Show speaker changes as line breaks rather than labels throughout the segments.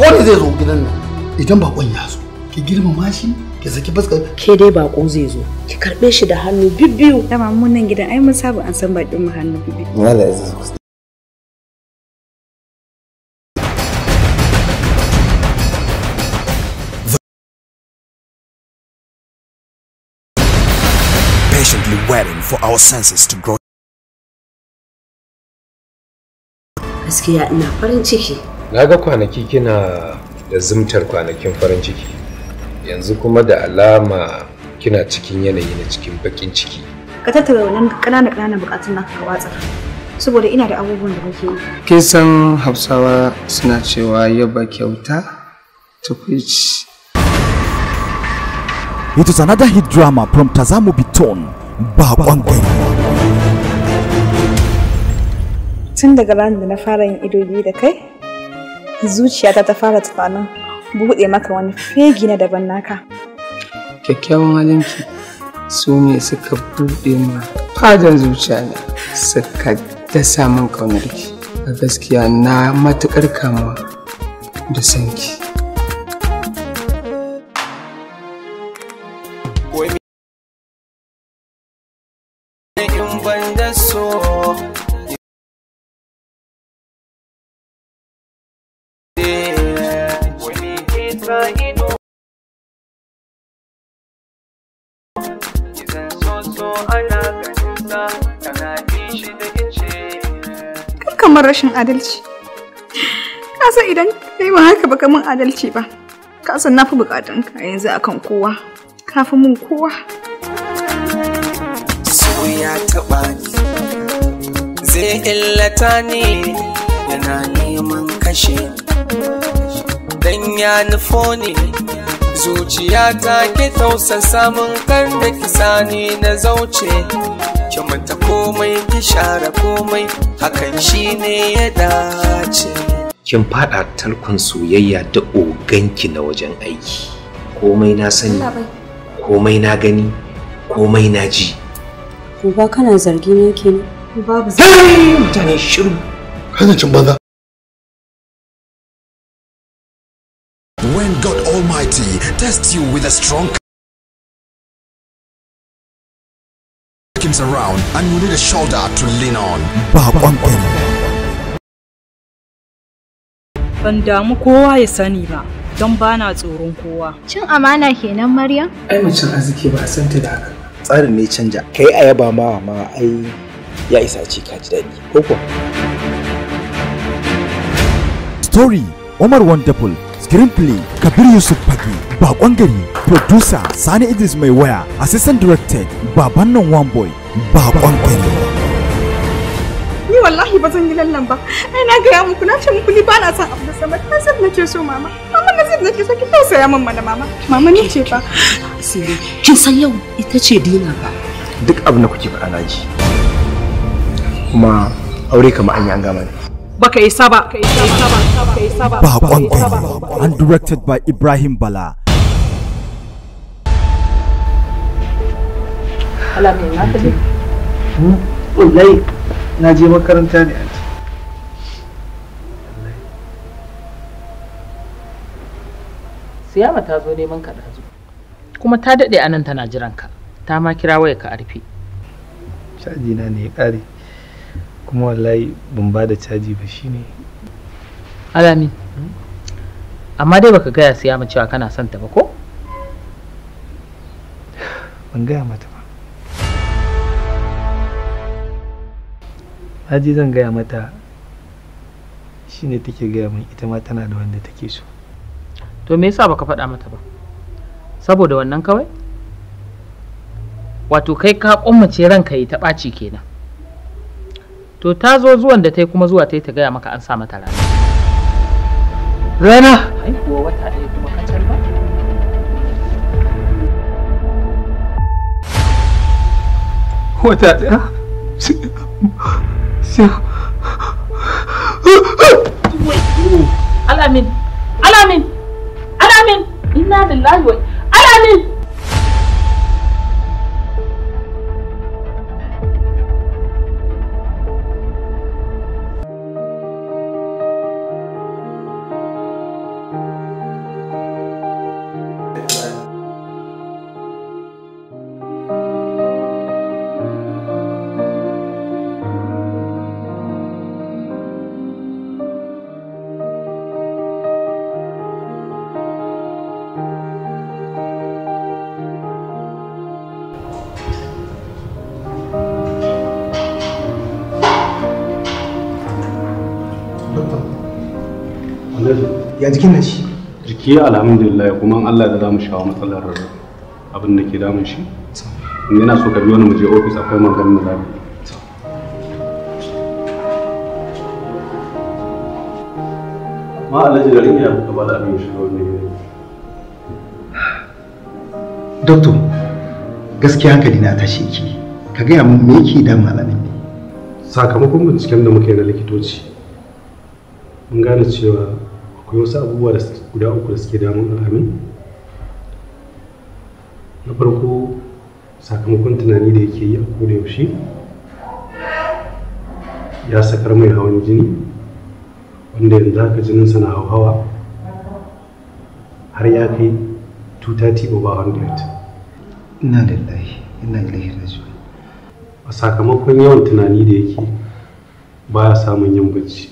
bako ne zai zo gidan nan idan bakon ya zo ki girmama shi ki saki fuskar ke dai bako zai zo ki karbe shi da hannu bibbiyu dama mun nan gidan ai mun saba an san bakin mu hannu bibbiyu
wala yanzu patiently waiting for our senses to grow
gaskiya ina farin ciki
na ga kwanaki kina da zumtar kwanakin farin ciki yanzu kuma da alama kina cikin yanayi na cikin bakin ciki
ka tattara wannan ƙanana ƙananan bukatun naka ka watsa saboda ina da abubuwan da muke yi
kin san hausawa suna cewa yaba kyauta tukwici
It is another hit drama from Tazamu Biton, Babangwe. Tun daga ranar da na fara
yin ido biyu da kai, zuciyata ta fara tsana buɗe maka wani fegi na daban naka
kyakkyawan halinki su ne suka buɗe ma fadan zuciya ne suka dasa min ƙaunarki a gaskiya
na matuƙar kama da sanki
Idan soso ana ganin shi
kamar rashin adalci. Ka san idan kai ba haka ba mun adalci ba. Ka san na fi bukatun ka yanzu akan kowa. Ka fi mun kowa.
So ya taɓa Zai illata ni yana neman kashe. Dan ya nufo zuciya ta ke tausasa mun kar da kisani na zauce
ki manta komai ki share komai hakan shine ya dace kin fada talkon soyayya da oganki na wajen aiki komai na sani komai na gani komai na ji
ba kana zargi ne ke
babu zargi mutane shiru kana cin
banza and God Almighty test you with a strong
him around and you need a shoulder to lean on. Bakon
Ban damu kowa ya sani ba, don bana tsoron kowa. Cin amana kenan Maryam?
Ai mace arziki ba asante san ta da haka. Tsarin ne canja, kai a yaba ma ma ai ya isa ce ka ji daɗi, ko kuwa? Story Omar Wonderful screenplay kabir yusuf fage bakon gari producer sani idris mai waya assistant directed baban nan one boy bakon gari
ni wallahi ba zan yi lallan ba ai na gaya
muku na ce muku ni ba na san abu da sama na zan nake so mama mama na zan nake so ki tausaya min mana mama mama ni ce fa sai kin san yau ita ce dina ba
duk abu na
kuke faɗa na ji kuma aure kamar an yi an gama ne baka saba ba bakon and directed by Ibrahim Bala hmm?
Wallahi na je makaranta ne
Siyama ta zo neman ka ɗazu. Kuma ta daɗe anan tana jiran ka, ta ma kira waya ka arfi.
Caji na ne ya ƙare. kuma wallahi ban ba da caji ba shine
alami amma dai baka gaya sai mu cewa kana son ta ba ko
ban gaya mata ba haji zan gaya mata shi ne take gaya min ita ma tana da wanda take so
to me yasa baka faɗa mata ba saboda wannan kawai wato kai ka ƙummace ranka yi ta ɓaci kenan to ta zo zuwan da ta yi kuma zuwa ta yi ta gaya maka an sa mata rana rana ai wata ɗaya kuma kacal ba wata ɗaya alamin alamin alamin Ina da wa alamin
jikin nan shi jiki alhamdulillah kuma Allah da zamu shawo matsalar abin da ke damun shi in yana so ka biyo ni mu je office akwai maganin da zamu ma alhaji garin ya ka ba da abin shi ne doctor gaskiya hankali na tashi ki ka gaya min me yake da malamin ne sakamakon binciken da muka yi na likitoci mun gane cewa akwai wasu abubuwa da guda uku da suke damun al'amin na farko sakamakon tunani da yake yi a koda yaushe ya sakar mai hawan jini wanda yanzu haka jininsa na hawa har ya kai 230 over 100
ina lillahi ina da raji'un
a sakamakon yawan tunani da yake baya samun yin bacci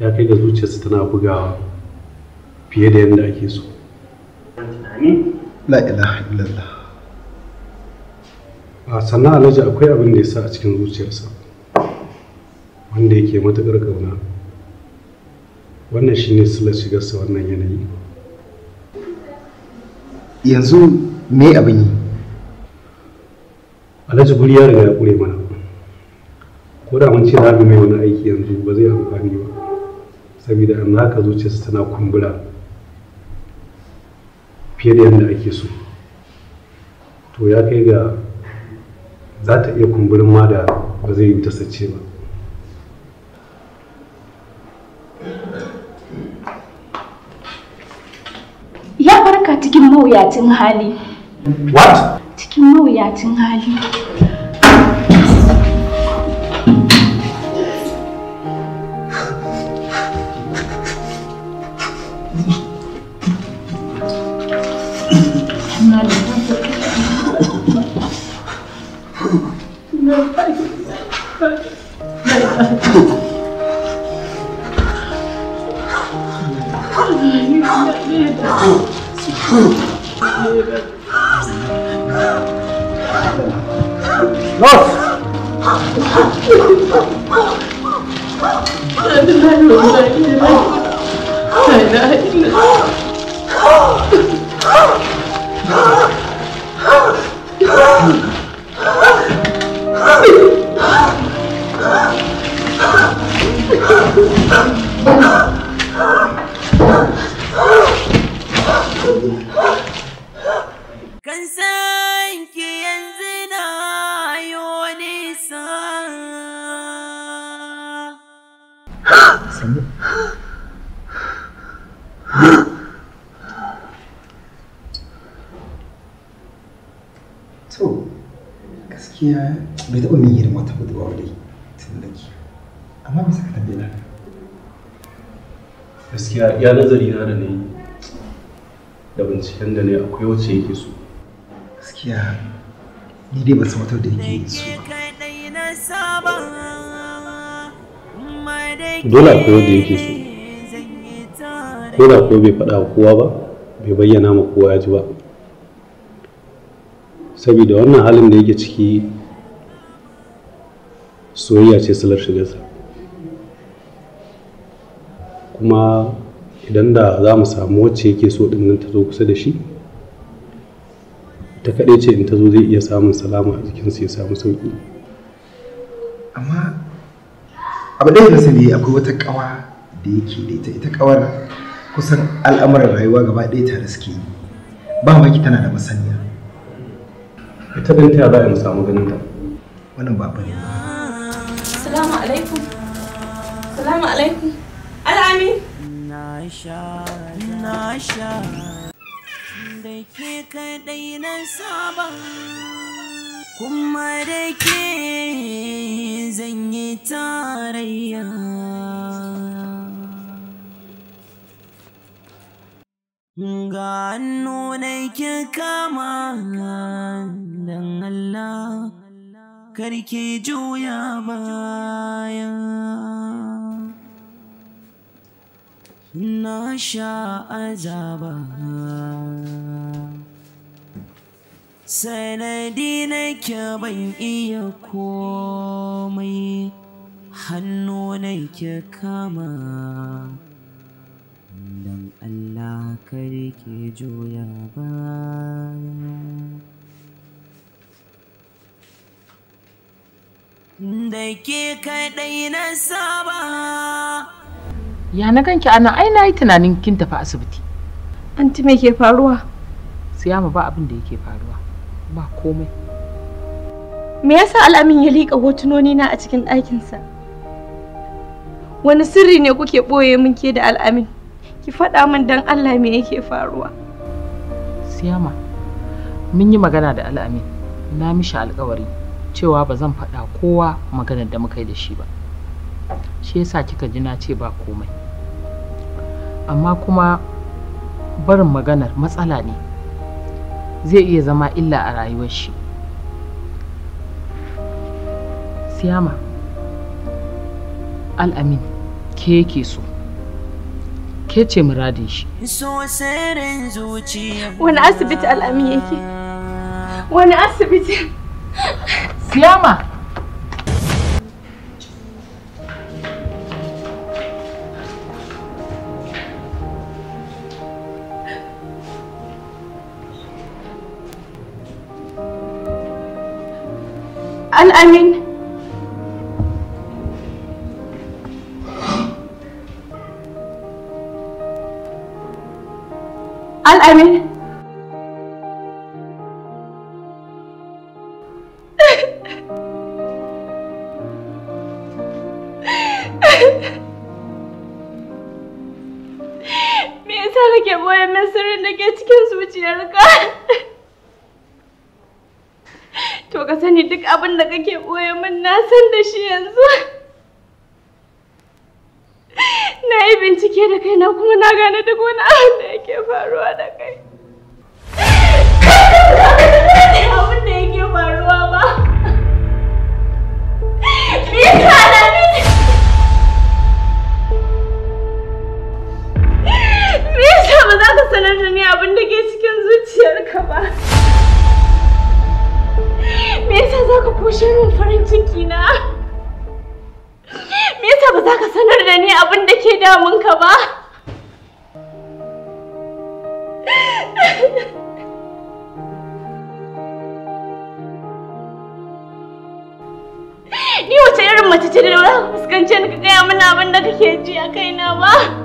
ya kai ga zuciyarsa tana bugawa fiye da yadda ake so la ilaha illallah a sannan alhaji akwai abin da ya sa a cikin zuciyarsa wanda yake matuƙar ƙauna wannan shine silar shigarsa wannan yanayi yanzu me abin yi alhaji guri ya riga ya ƙure mana ko da mun ce za mu mai wani aiki yanzu ba zai amfani ba saboda an haka zuciyarsa tana kumbura fiye da yadda ake so to ya kai ga za ta iya kumburin ma da ba zai yi ta sace ba
ya barka cikin mawuyacin hali what cikin mawuyacin hali 너! 나, 나, 나, 나, 나,
iya nazari na da ne da binciken da ne akwai wacce yake so gaskiya
ni dai ba san wata da
yake so dole akwai wanda yake so ko da ko bai faɗa wa kowa ba bai bayyana ma kowa ya ji ba saboda wannan halin da yake ciki soyayya ce salar shigarsa kuma idan da za mu samu wacce yake so din nan ta zo kusa da shi ta kaɗai ce in ta zo zai iya samun salama a jikinsu ya samu sauƙi amma abu ɗaya da sani akwai wata ƙawa da yake da ita ita ƙawar kusan al'amuran rayuwa gaba ɗaya ta suke ba ba ki tana da masaniya ita ɗin ta za a mu samu ganin ta
wannan ba bane ba
salamu alaikum salamu alaikum al'amin na sha da ke kaɗai na sabon kuma da ke zan yi tarayya ga hannu na ke kama don Allah karke juya baya na sha azaba sanadi nake ban iya komai hannu nake kama dan Allah kare ke juya ba. da ke kaɗai na saba
ya na ganki ana ai na yi tunanin kin tafi asibiti anti me ke faruwa siyama ba abin da yake faruwa ba komai
me yasa al'amin ya liƙa hotunoni na a cikin ɗakinsa wani sirri ne kuke ɓoye min ke da al'amin ki faɗa min dan allah me yake faruwa
siyama mun yi magana da al'amin na mishi alkawari cewa ba zan faɗa kowa maganar da muka yi da shi ba shi yasa kika ji na ce ba komai amma kuma barin maganar matsala ne zai iya zama illa a rayuwar shi siyama al'amin ke yake so ke ce muradin shi wani asibiti al'amin yake wani asibiti siyama I mean, da kake ɓoye min na san da shi yanzu na yi bincike da kai na kuma na gane duk wani abin da
yake faruwa da kai a kaina ba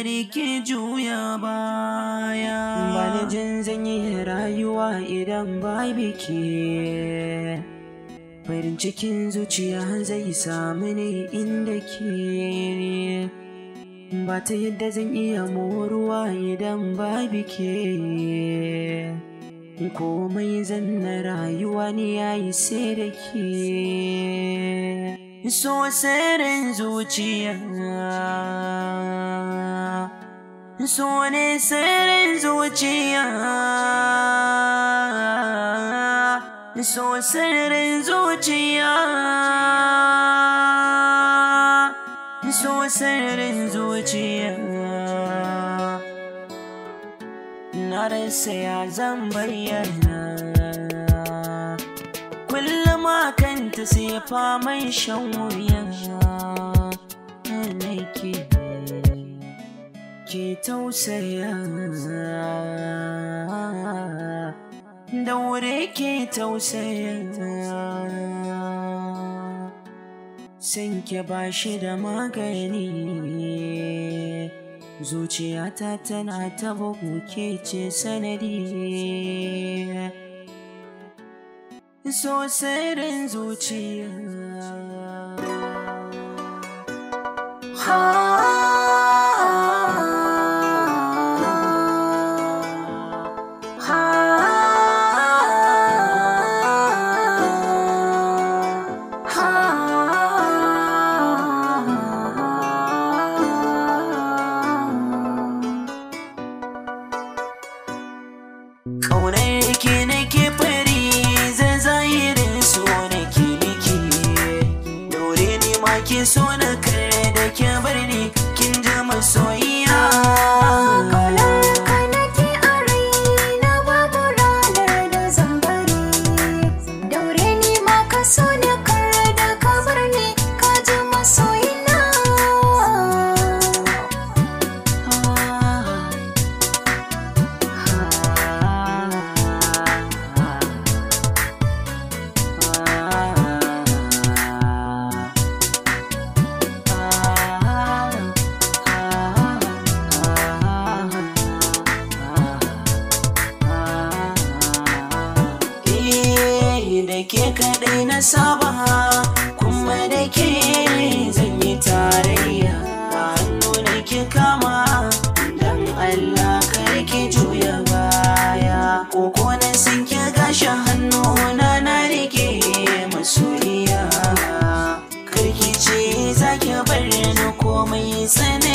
ke juya baya bani jin zan yi rayuwa idan ba biki farin cikin zuciya zai samu ne inda ke ba ta yadda zan iya moruwa idan ba biki komai zan na rayuwa ne ya yi sai da ke so sirrin zuciya so ne sirrin zuciya so sirrin zuciya so sirrin zuciya na rasa ya zan bayyana zama kanta sai mai shan wuyan na ke tausaya da wuri ke tausaya san ke ba shi da magani zuciyata tana ta bugu ke ce sanadi so sirrin zuciya. Ha. da ke kaɗai na saba kuma da ke zan yi tarayya ba hannu da ke kama don Allah kar ki juya baya Ko na sun ke gashin hannu na na rike masoyiya kar ki ce za ki bar ni komai sani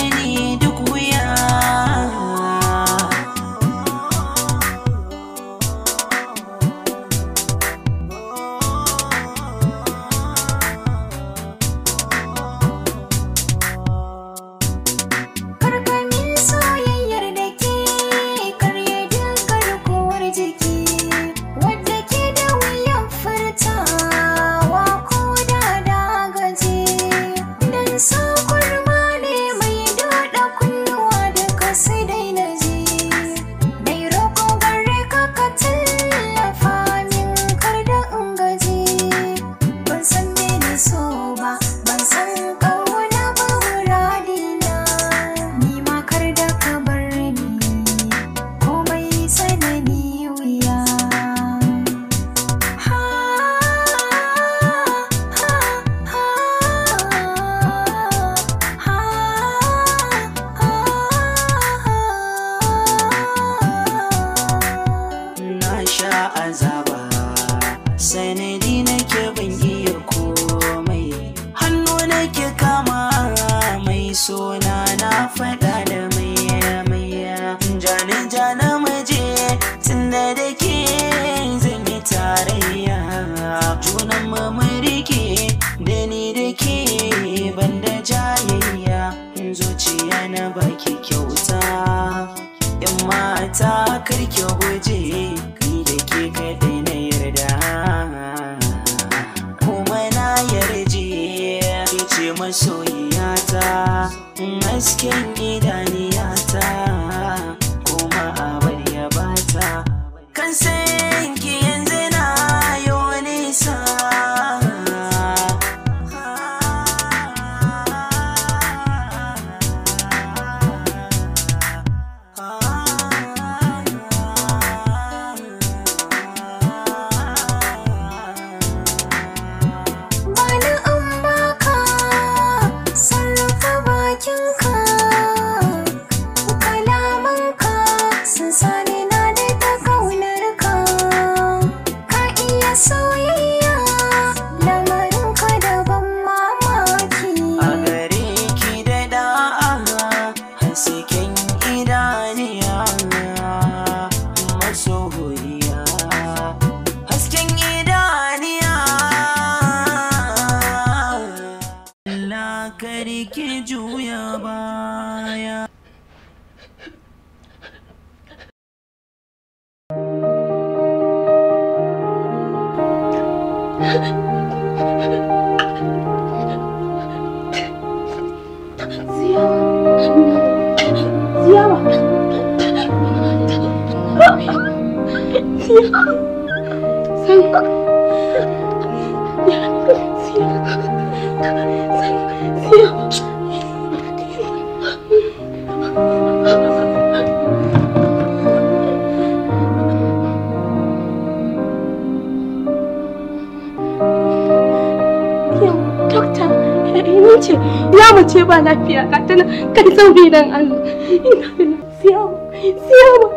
Eh, ni ce ya mace ba lafiya ka tana kai sauri dan Allah ina siyama siyama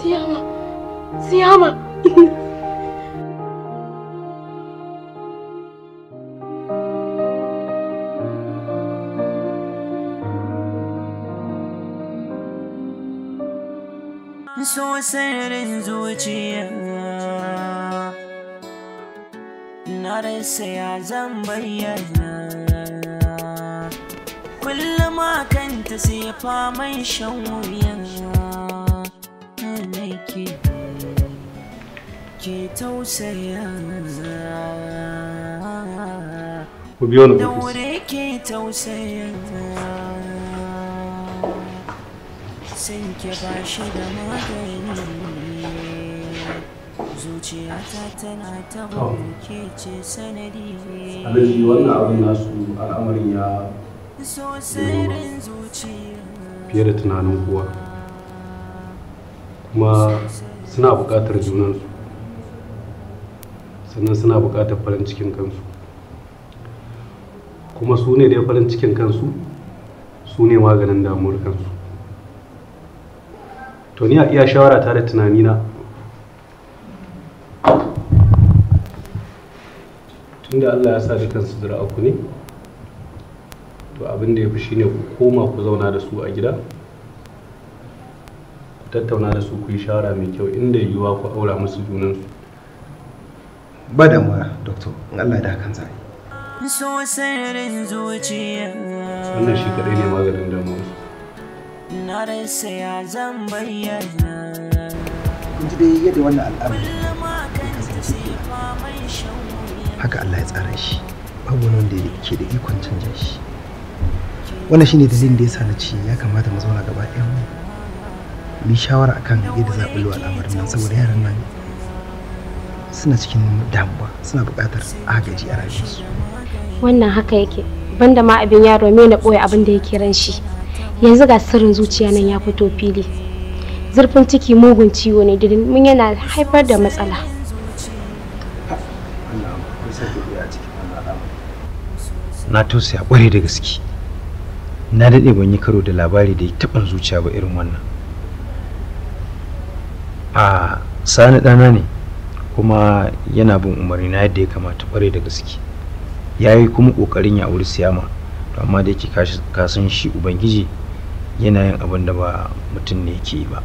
siyama siyama
So sirrin zuciya na rasa ya zan bayyana kullum a kanta sai ya faman shan wuyan ke ke tausaya da wuri ke tausaya sai ke ba shi da magani zuciyata tana ta wannan abin
nasu al'amarin ya sosairin
zuciya
fiye da tunanin kowa kuma suna buƙatar junansu sannan suna buƙatar farin cikin kansu kuma su ne da farin cikin kansu su ne maganin damuwar kansu to ni a iya shawara ta da tunanina inda Allah ya sa dukkan su zira ku ne to abin da ya fi shine ku koma ku zauna da su a gida ku tattauna da su ku yi shawara mai kyau inda yiwuwa ku aura musu su ba da mura doctor in Allah da hakan zai wannan shi kadai ne maganin damuwa
na rasa ya zan bayyana
kun ji dai yadda wannan al'amari haka Allah ya tsara shi babu wani wanda ke da ikon canja shi wannan shine dalilin da ya sa na ce ya kamata mu zauna gaba ɗaya mu bi shawara akan yadda za a bulwa al'amarin nan saboda yaran nan
suna cikin damuwa suna buƙatar agaji a rayuwarsu wannan haka yake banda ma abin yaro me na ɓoye abin da yake ran shi yanzu ga sirrin zuciya nan ya fito fili zurfin ciki mugun ciwo ne mun yana haifar da matsala
na tausaya kware da gaske na daɗe ban yi karo da labari da ya taɓan zuciya ba irin wannan a sani ɗana ne kuma yana bin umarni na yadda ya kamata kware da gaske ya yi kuma ƙoƙarin ya auri siyama to amma da yake kasan shi ubangiji yana yin abin da ba mutum ne yake yi ba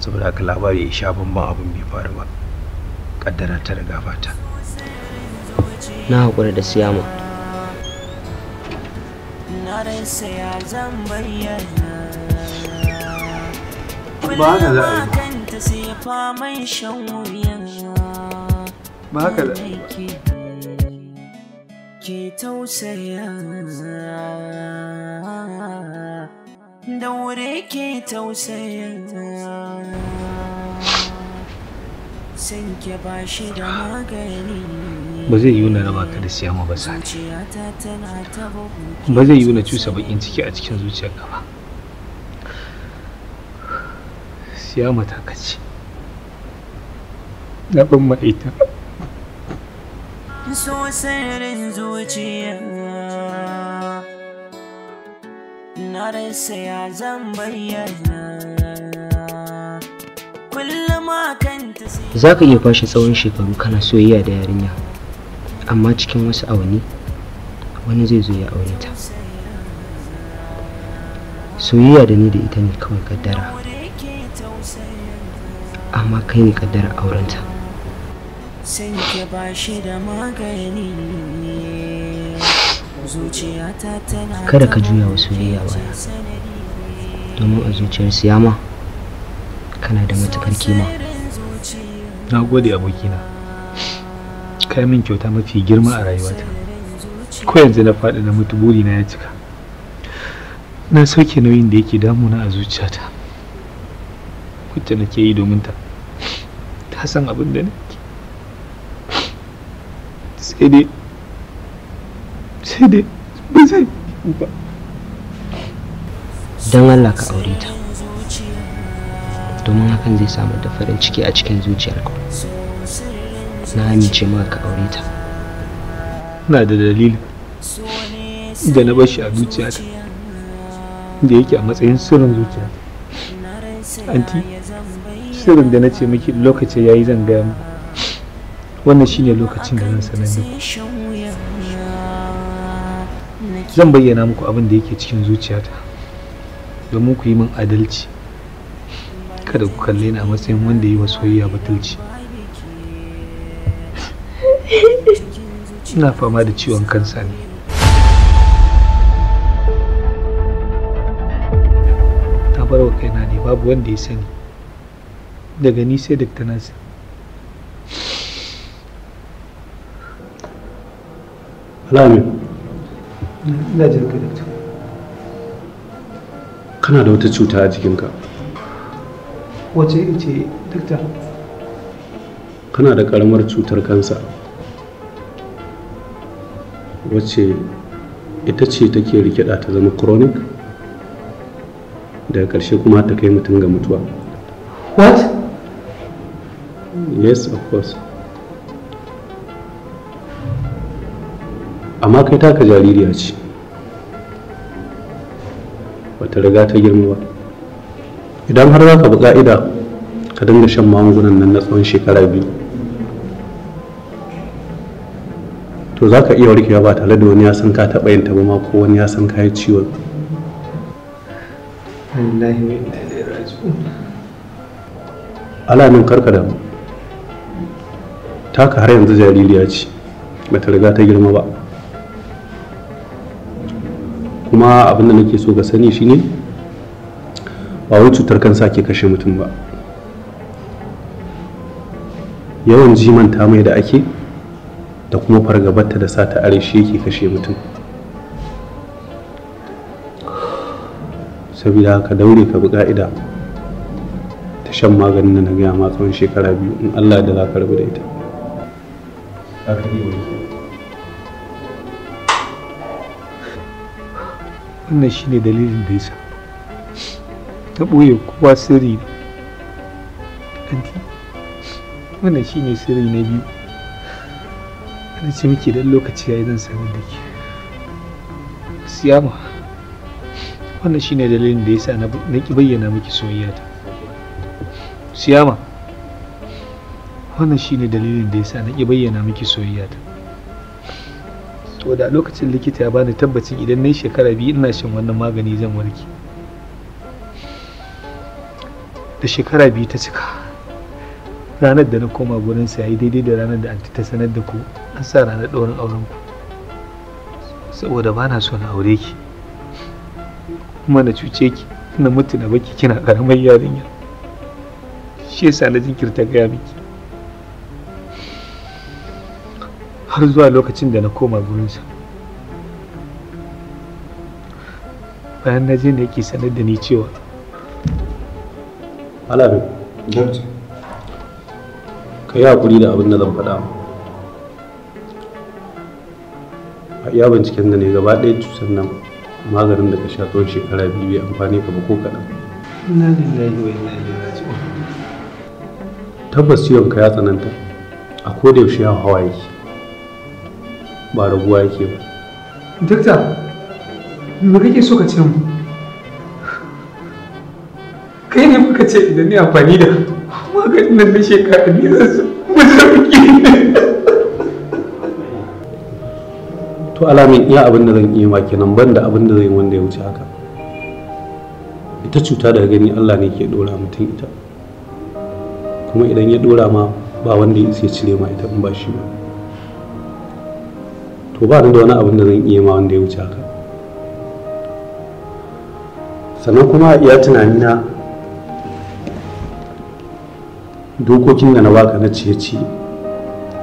saboda haka labari ya sha bamban abin bai faru ba ƙaddara
ta riga fata na haƙura da siyama rasa ya
zan bayyana
kullum ba haka da ke tausaya ba da magani
ba zai yiwu na raba ka da siyama ba sani ba zai yiwu na cusa bakin ciki a cikin zuciyarka ba siyama ta kace na ban ma'aita
so zuciya na rasa ya zan bayyana kullum ta
za ka iya kwashe tsawon shekaru
kana soyayya da yarinya amma cikin wasu awanni wani zai zo ya aure ta soyayya da ni da ita ne kawai kaddara amma kai ne kaddara aurenta sai ke ba shi da magani zuciyata tana kada ka juya wa soyayya baya domin a zuciyar siyama
kana da matakar kima na gode abokina kai min kyauta mafi girma a rayuwata ko yanzu na faɗi na mutu burina ya cika na sauke nauyin da yake damuna a zuciyata wacce nake yi domin ta ta san abin da nake sai dai sai dai ba zai ba
don Allah ka aure ta
domin hakan zai samu da farin ciki a cikin ku
na amince maka ka aure ta
ina da dalili da na bashi a zuciyata da yake a matsayin sirrin zuciya anti sirrin da na ce miki lokaci ya yi zan gaya muku wannan shine lokacin da zan sanar da ku zan bayyana muku abin da yake cikin zuciyata domin ku yi min adalci kada ku kalle ni a matsayin wanda yi wa soyayya batulci ina fama da ciwon kansa ne Ta bar wa kaina ne babu wanda ya sani daga ni sai dakta nasir Alami. Ina jin ka dakta.
Kana da wata cuta a jikinka.
Wace ce dakta?
Kana da karamar cutar kansa. wacce ita ce take rikida ta zama chronic Da karshe kuma ta kai mutum ga mutuwa what yes of course amma kai taka jaririya ce bata riga ta girma ba idan har za ka bi ka'ida ka dinga shan magungunan nan na tsawon shekara biyu to za ka iya warkewa ba tare da wani ya san ka taɓa yin taɓa ma ko wani ya san ka yi ciwon alamin karka damu taka har yanzu jaririya ce bata riga ta girma ba kuma abinda da nake so ga sani shine ba wai cutar kansa ke kashe mutum ba yawan jimanta mai da ake da kuma fargabarta da sata are shi yake kashe mutum saboda haka daure ka bi ka'ida ta shan maganin da na gaya ma tsawon shekara biyu in allah da za ka rabu da ita
wannan shi ne dalilin da yasa ta ɓoye kowa sirri anti wannan ne sirri na biyu na ce miki dan lokaci yayi zan sanar da ke siyama wannan shine dalilin da yasa na ki bayyana miki ta. siyama wannan shine dalilin da yasa na ki bayyana miki ta to da lokacin likita ya bani tabbacin idan nayi shekara biyu ina shan wannan magani zan warke da shekara biyu ta cika ranar da na koma gurinsa ya yi daidai da ranar da anti ta sanar da ku an sa ranar ɗaurin auren ku saboda ba na so na aure ki kuma na cuce ki na mutu na baki kina ƙaramar yarinya shi yasa na jinkirta gaya miki har zuwa lokacin da na koma gurinsa bayan na je ne yake sanar da ni cewa
alabi ka yi hakuri da abin da zan faɗa ya binciken da ne gaba ɗaya cutar nan maganin da ka sha tsawon shekara biyu bai amfani ka ba ko kaɗan
Ina lillahi wa inna ilaihi raji'un
tabbas ciwon ka ya tsananta a koda yaushe ya hawa yake ba raguwa yake ba
Dokta, me kake so ka ce mu kai ne muka ce idan ni amfani da maganin nan na shekara biyu zan sauki
to alamin iya abin da zan iya ma kenan ban da abin da zan wanda ya wuce haka ita cuta da gani Allah ne ke dora mutum ita kuma idan ya dora ma ba wanda ya cire ma ita in ba shi ba to ba ni da wani abin da zan iya ma wanda ya wuce haka sannan kuma iya na dokokin da na baka na ciye-ciye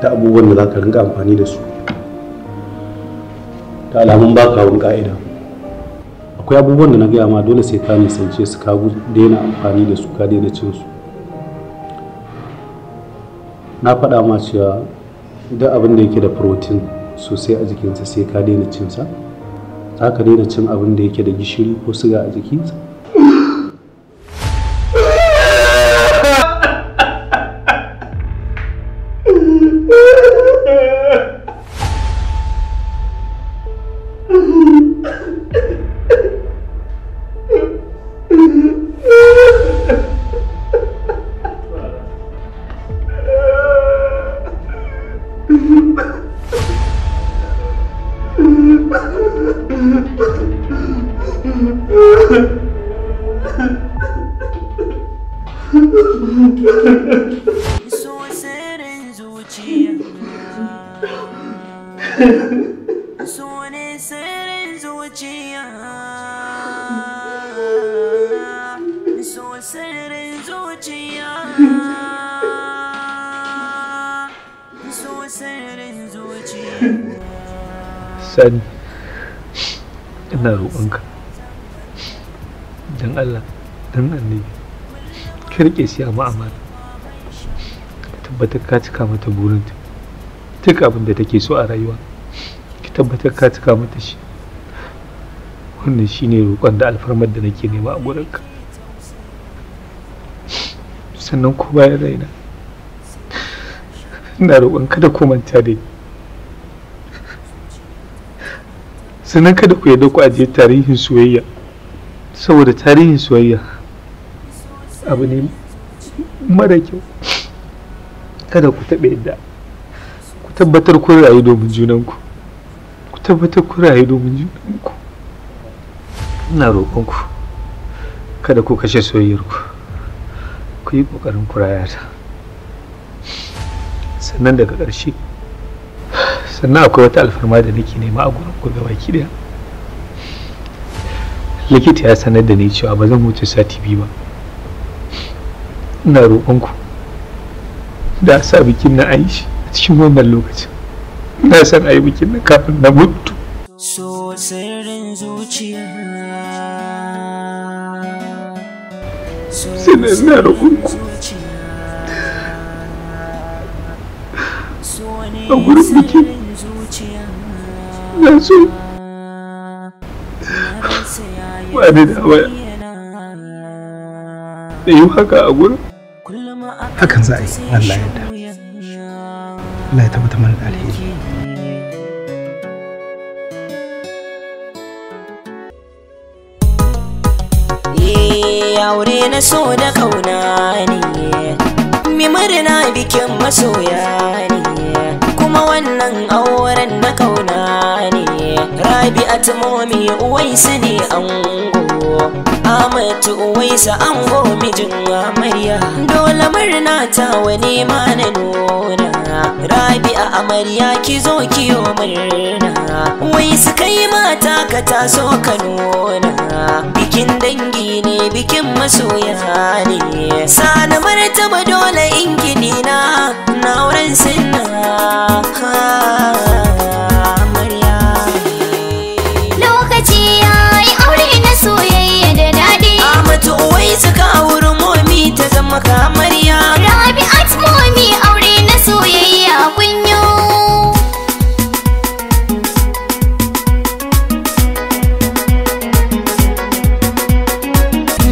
da abubuwan da za ka rinka amfani da su da alamun ba ka ka'ida akwai abubuwan da na gaya ma dole sai ka nisance su ka daina amfani da su ka daina cin su na faɗa ma cewa da abin da yake da protein sosai a jikinsa sai ka daina cinsa za ka daina cin abin da yake da gishiri ko siga a jikinsa
sani ina roƙonka don allah don annabi ka rike siya ma'amala ka tabbatar ka cika mata burinta duk abin da take so a rayuwa ka tabbatar ka cika mata shi wannan shi ne roƙon da alfarmar da nake nema a gurinka sannan ko bayan raina ina roƙon kada komanta manta da ni sannan kada ku yarda ku ajiye tarihin soyayya saboda tarihin soyayya abu ne mara kyau kada ku taɓa yadda ku tabbatar kun rayu domin junanku ku tabbatar kun rayu domin junanku ina roƙonku kada ku kashe soyayyarku ku yi ƙoƙarin kurayata sannan daga ƙarshe sannan akwai wata alfarma da nake nema a gurin ku gaba daya likita ya sanar da ni cewa ba zan wuce sati biyu ba ina roƙonku da sa bikin na an shi a cikin wannan lokacin na san a yi bikin na kafin na mutu
so sirrin zuciya ina roƙonku a gurin bikin zan so
ba haka a gurin hakan za a yi Allah ya da Allah
ya mana da alheri
eh, na kauna ne bikin masoya ne wannan auren na rabi'atu uwai uwaisu ne ango amatu uwaisu ango mijin amarya dole murna ta wani ma na nuna rabi'a amarya ki zo kiyo murna wai su kai mata ka taso ka nuna bikin dangi ne bikin masoya ne sana martaba dole in gini na na wurin sinna amarya yi aure na soyayya da daɗi Amatu uwai suka wurin momi ta zama kamariya Rabi'at momi aure na soyayya kunyo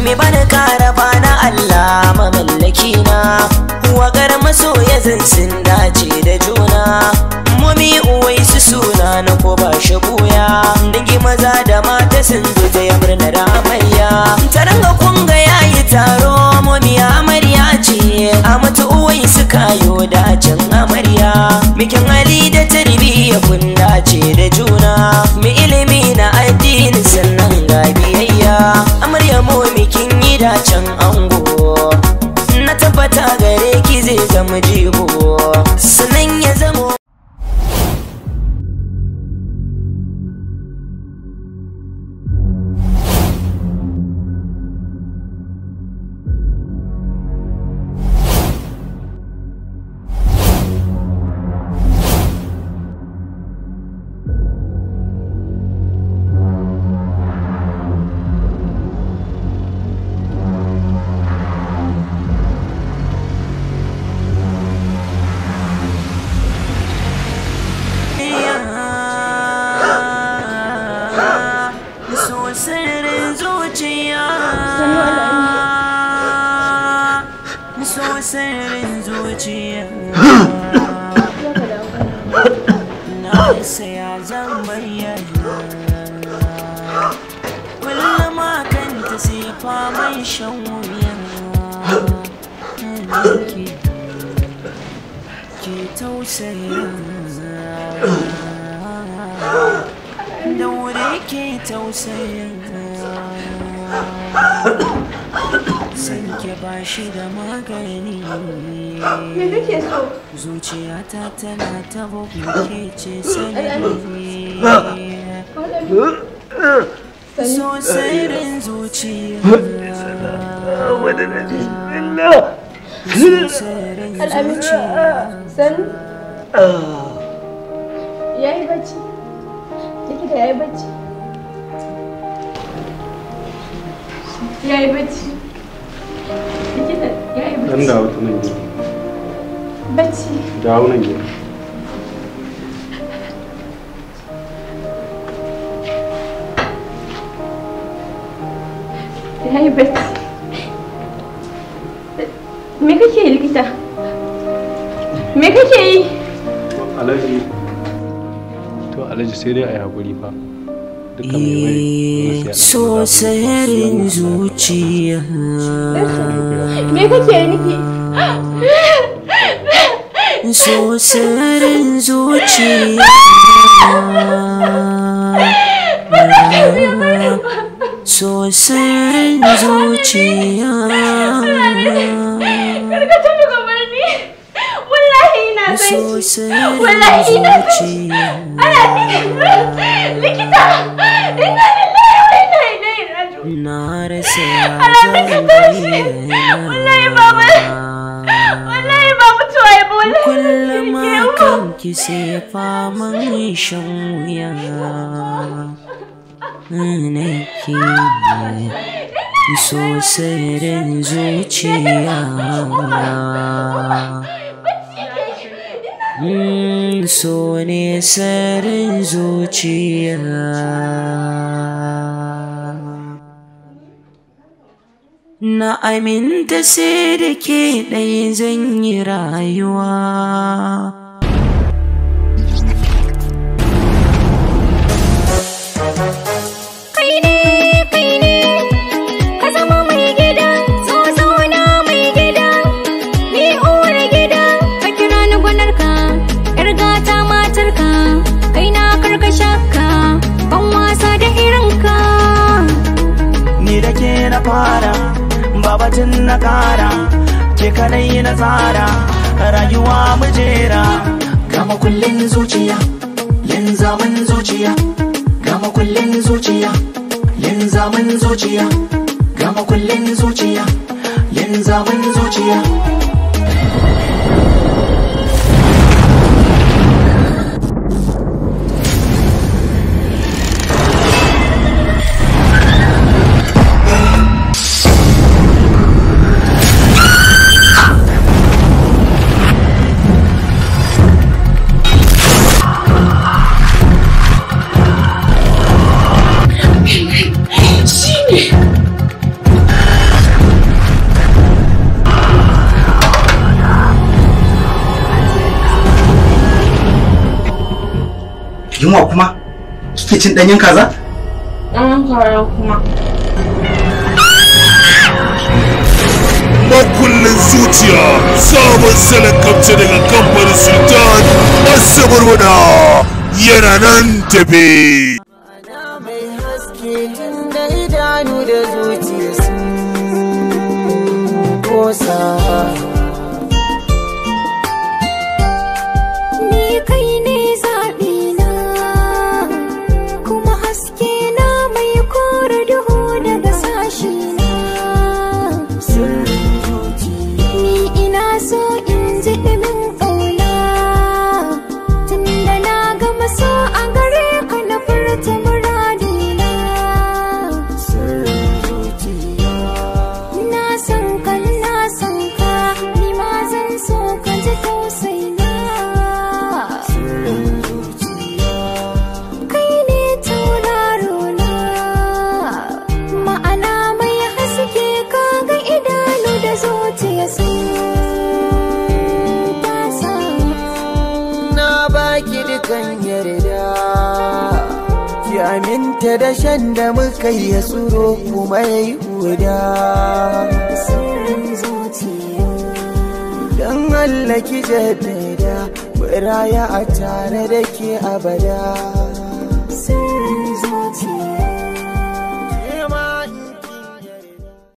Me bani karaba na Allah mamallaki na Wagar masoya zan sun dace da juna Momi uwai su suna na ko ba shi buya Dangi maza kayo can amarya mikin ali da tarbiya kun dace da ju aure ke tausayin sanke ba shi da magani ta tana ta ke ce sanyi sosai rin zuciya sosai rin zuciya san ah.
yayi bacci jikinka ya yi bacci? Ya yi bacci. ya yi bacci.
Dan dawo ta Bacci. Dawo nan gefe.
Ya yi bacci.
Me kake likita? Me kake yi?
Alhaji to alhaji sai dai a yi haƙuri fa so
sayarin zuciya me kake niki so sayarin zuciya so sayarin zuciya so sirrin zuciya likita ina lillahi wa ina ilaihi raji'un na rasa ya zan yi wallahi baba wallahi ba
mutuwa ya ba wallahi
kullum akan ki sai faman shan wuya nake so sirrin zuciya so ne sarin zuciya na aminta sai da ke ɗaya zan yi rayuwa na fara baba tun na kara ke kadai na tsara rayuwa mu jera gama kullun zuciya yin zaman zuciya gama kullun zuciya yin zaman zuciya gama kullun zuciya yin zaman zuciya
yunwa kuma kike cin ɗanyen kaza?
ɗanyen kaza kuma makullin zuciya sabon salon kamce daga kamfanin sultan asabar wada yana nan tafe idanu da